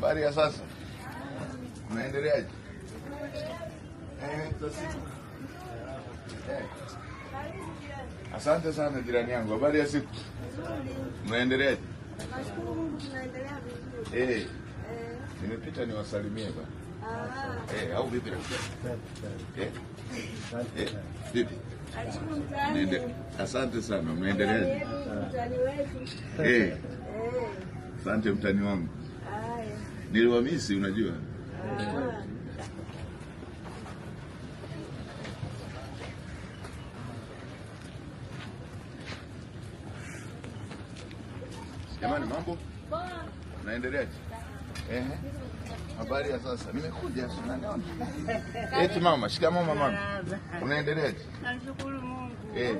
Habari ya sasa, unaendeleaje? Eh, eh, Asante sana jirani yangu, habari ya siku, unaendeleaje? Eh. eh, nimepita niwasalimie bwana. Ah. Eh, au vipi eh. vipi? Asante sana, unaendeleaje? Eh, asante mtani wangu niliwamisi, unajua Jamani, mambo naendeleaje? Eh, habari ya sasa, nimekuja eti. Mama, shikamoo mama, unaendeleaje? Namshukuru Mungu. Eh,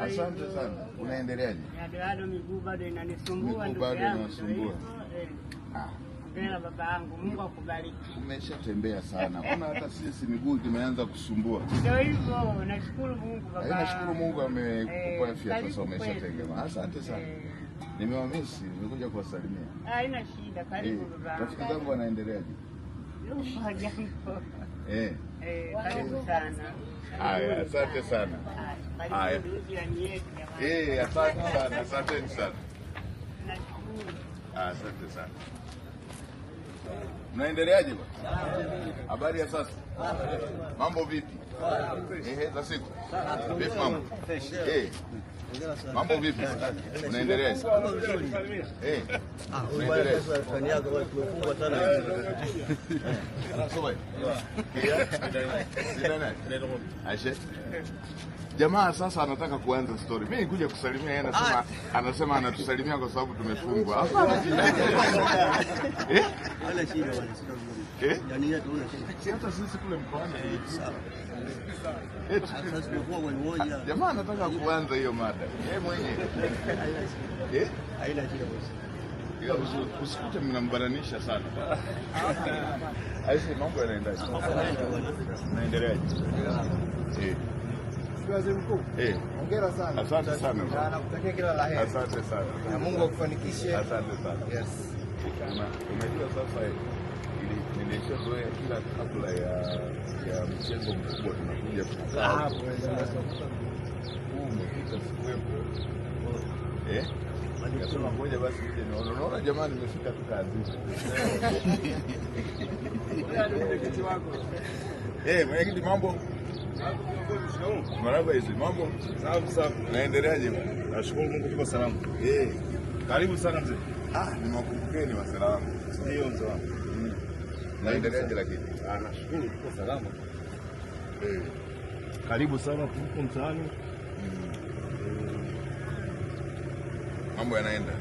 asante sana. Unaendeleaje? Bado Miguu bado inanisumbua. miguu bado Ah tena baba yangu, Mungu akubariki. Umeshatembea sana, kuna hata sisi miguu imeanza kusumbua? Ndio hivyo, nashukuru Mungu baba. Eh, nashukuru Mungu amekupa eh, afya sasa, umeshatembea. Asante sana. Eh. Nimewamisi, nimekuja kuwasalimia. Haina shida, karibu eh, baba. Rafiki zangu wanaendeleaje? Eh. Eh, karibu sana. Haya, asante sana. Haya. Eh, asante sana, asante sana. Asante sana. Mnaendeleaje bwana? Habari ya sasa, mambo vipi? za siku. Vipi Mambo vipi? Unaendelea? Eh. Jamaa sasa anataka kuanza story. Mimi nikuja kusalimia yeye anasema ah. anasema anatusalimia kwa sababu tumefungwa. Eh? Jamaa anataka kuanza hiyo mada mwenyewe, eh? usikute mnambaranisha sana. Aise, mambo yanaendaje? Naendeleaje? Eh. Waziri Mkuu, eh. hongera sana. Asante sana. nakutakia kila la heri. Asante sana. Mungu akufanikishe. Asante sana. Yes. Unajua sasa tumezoea kila kabla ya ya mchengo mkubwa tunakuja kukaa ah, hapo. Huu umepita sikuwepo, eh? Nikasema ngoja basi nije nione. Unaona jamani, nimefika tu kazini. Mwenyekiti wako eh, mwenyekiti, mambo maraba hizi, mambo safi safi, naendeleaje? Nashukuru Mungu, tuko salama. Eh, karibu sana mzee. Ah, nimewakumbukeni wasalamu, ndio mzee wangu Naendeleaje lakini? Ah, nashukuru tuko salama. Eh. Karibu sana tuko mtaani. Hmm. Mambo yanaenda.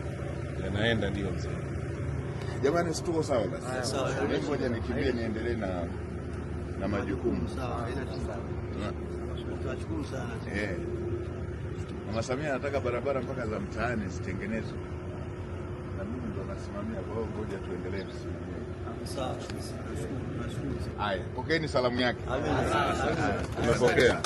Yanaenda ndio mzee. Jamani situko sawa basi. Mimi ngoja nikimbie niendelee na na majukumu. Sawa, ila Tunashukuru sana. Eh. Mama Samia anataka barabara mpaka za mtaani zitengenezwe. Na mimi ndo nasimamia, kwa hiyo ngoja tuendelee kusimamia. Haya, pokeeni salamu yake. Amepokea.